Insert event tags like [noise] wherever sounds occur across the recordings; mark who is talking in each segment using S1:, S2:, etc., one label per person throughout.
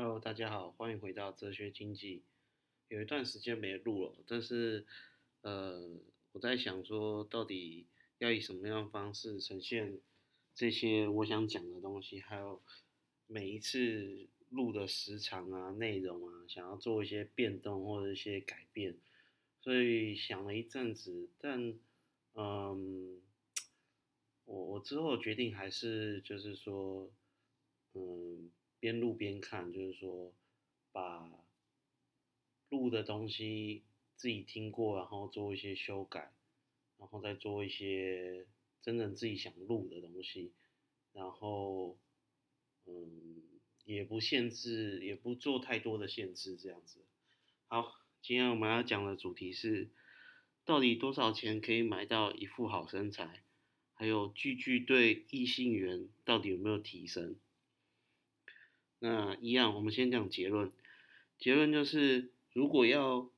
S1: Hello，大家好，歡迎回到哲學經濟。有一段時間沒錄了，但是呃，我在想說，到底要以什麼樣的方式呈現這些我想講的東西，還有每一次錄的時長啊、內容啊，想要做一些變動或者一些改變，所以想了一陣子，但嗯，我我之後決定還是就是說，嗯。邊錄邊看，就是說，把錄的東西自己聽過，然後做一些修改，然後再做一些真正自己想錄的東西，然後，嗯，也不限制，也不做太多的限制，這樣子。好，今天我們要講的主題是，到底多少錢可以買到一副好身材？還有，巨巨對異性緣到底有沒有提升？那一樣，我們先講結論。結論就是，如果要，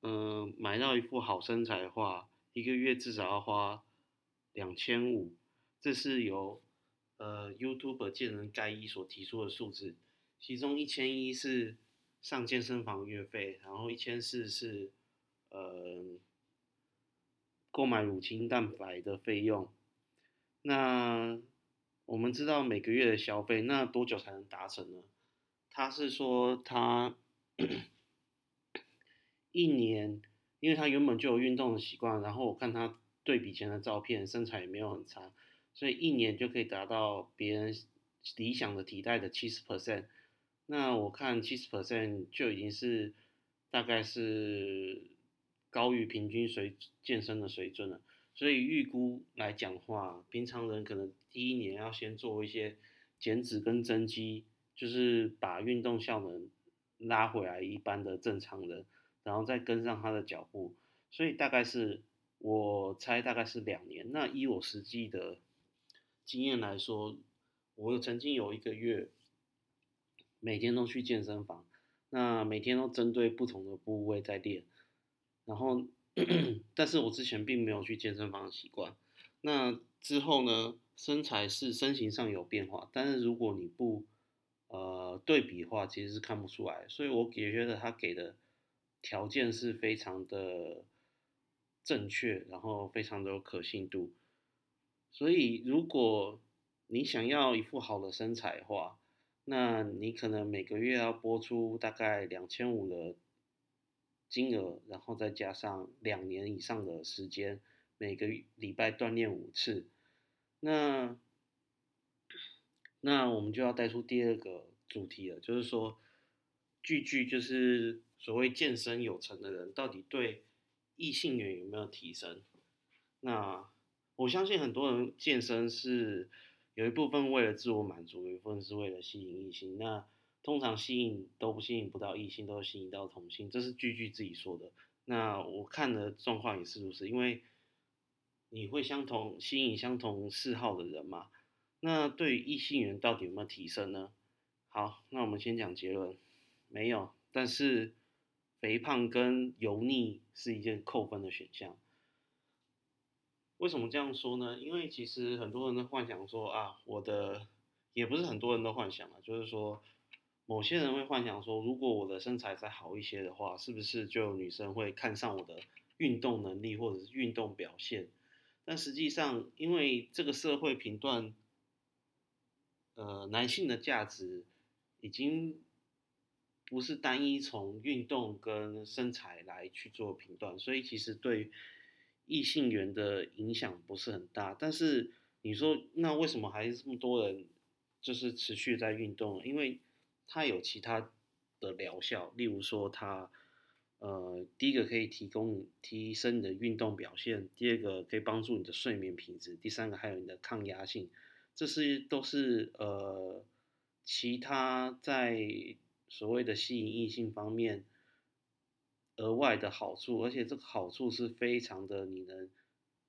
S1: 呃，買到一副好身材的話，一個月至少要花兩千五。這是由，呃，YouTuber 健人蓋伊所提出的數字。其中一千一是上健身房月費，然後一千四是，呃，購買乳清蛋白的費用。那我們知道每個月的消費，那多久才能達成呢？他是說他一年，因為他原本就有運動的習慣，然後我看他對比前的照片，身材也沒有很差，所以一年就可以達到別人理想的體態的七十 percent。那我看七十 percent 就已經是大概是高於平均水健身的水準了。所以預估來講的話，平常人可能第一年要先做一些減脂跟增肌，就是把運動效能拉回來，一般的正常人，然後再跟上他的腳步。所以大概是，我猜大概是兩年。那依我實際的經驗來說，我曾經有一個月每天都去健身房，那每天都針對不同的部位在練，然後。 [coughs] 但是我之前並沒有去健身房的習慣，那之後呢，身材是身形上有變化，但是如果你不呃對比的話，其實是看不出來。所以我給覺得他給的條件是非常的正確，然後非常的有可信度。所以如果你想要一副好的身材的話，那你可能每個月要撥出大概兩千五的。金額，然後再加上兩年以上的時間，每個禮拜鍛鍊五次。那那我們就要帶出第二個主題了，就是說，巨巨就是所謂健身有成的人，到底對異性緣有沒有提升？那我相信很多人健身是有一部分為了自我滿足，有一部分是為了吸引異性。那通常吸引都不吸引不到異性，都是吸引到同性，這是巨巨自己說的。那我看的狀況也是如此，因為你會相同吸引相同嗜好的人嘛。那對於異性緣到底有沒有提升呢？好，那我們先講結論，沒有。但是肥胖跟油膩是一件扣分的選項。為什麼這樣說呢？因為其實很多人都幻想說啊，我的也不是很多人都幻想啊，就是說。某些人會幻想說，如果我的身材再好一些的話，是不是就女生會看上我的運動能力或者是運動表現？但實際上，因為這個社會評斷，呃，男性的價值已經不是單一從運動跟身材來去做評斷，所以其實對異性緣的影響不是很大。但是你說，那為什麼還是這麼多人就是持續在運動？因為它有其他的療效，例如說它，呃，第一個可以提供提升你的運動表現，第二個可以幫助你的睡眠品質，第三個還有你的抗壓性，這是都是呃其他在所謂的吸引異性方面額外的好處，而且這個好處是非常的，你能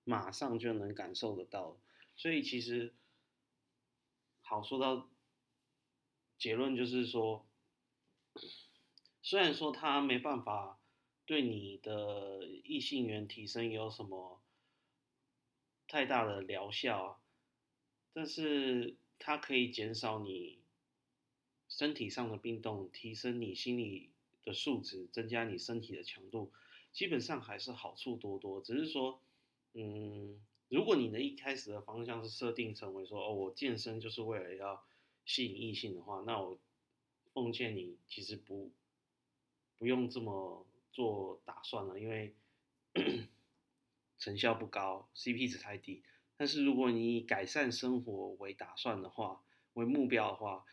S1: 馬上就能感受得到，所以其實好，說到。結論就是說，雖然說它沒辦法對你的異性緣提升有什麼太大的療效，但是它可以減少你身體上的病痛，提升你心理的素質，增加你身體的強度，基本上還是好處多多，只是說，嗯，如果你的一開始的方向是設定成為說，哦，我健身就是為了要。吸引異性的話，那我奉勸你，其實不，不用這麼做打算了，因為 [coughs] 成效不高，CP 值太低。但是如果你以改善生活為打算的話，為目標的話，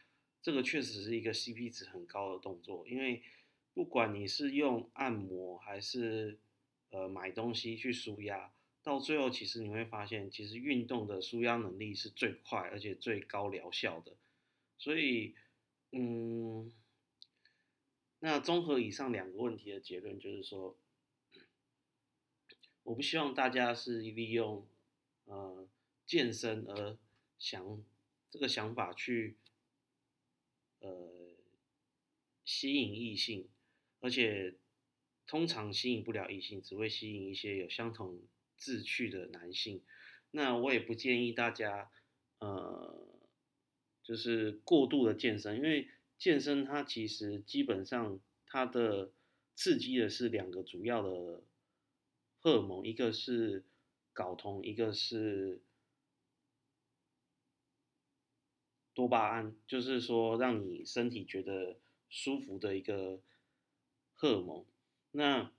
S1: 這個確實是一個 CP 值很高的動作，因為不管你是用按摩還是呃買東西去舒壓，到最後其實你會發現，其實運動的舒壓能力是最快而且最高療效的。所以，嗯，那綜合以上兩個問題的結論，就是說，我不希望大家是利用呃健身而想這個想法去呃吸引異性，而且通常吸引不了異性，只會吸引一些有相同志趣的男性。那我也不建議大家呃。就是過度的健身，因為健身它其實基本上它的刺激的是兩個主要的荷爾蒙，一個是睾酮，一個是多巴胺，就是說讓你身體覺得舒服的一個荷爾蒙。那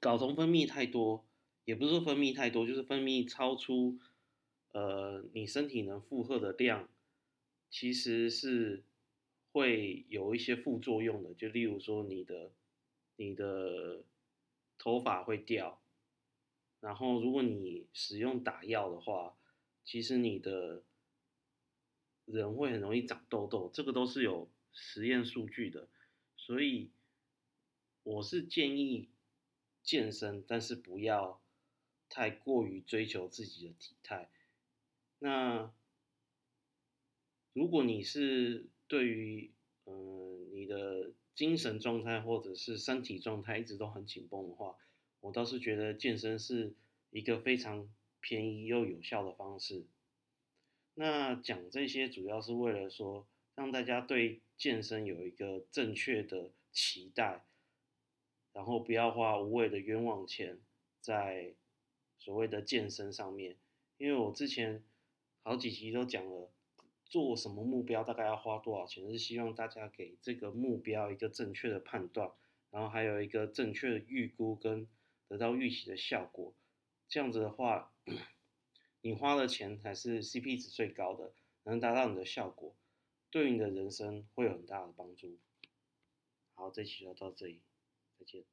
S1: 睾酮分泌太多，也不是說分泌太多，就是分泌超出呃你身體能負荷的量。其實是會有一些副作用的，就例如說你的你的頭髮會掉，然後如果你使用打藥的話，其實你的人會很容易長痘痘，這個都是有實驗數據的，所以我是建議健身，但是不要太過於追求自己的體態。那。如果你是對於嗯、呃、你的精神狀態或者是身體狀態一直都很緊繃的話，我倒是覺得健身是一個非常便宜又有效的方式。那講這些主要是為了說，讓大家對健身有一個正確的期待，然後不要花無謂的冤枉錢在所謂的健身上面。因為我之前好幾集都講了。做什麼目標大概要花多少錢？就是希望大家給這個目標一個正確的判斷，然後還有一個正確的預估跟得到預期的效果。這樣子的話，你花的錢才是 CP 值最高的，能達到你的效果，對你的人生會有很大的幫助。好，這期就到這裡，再見。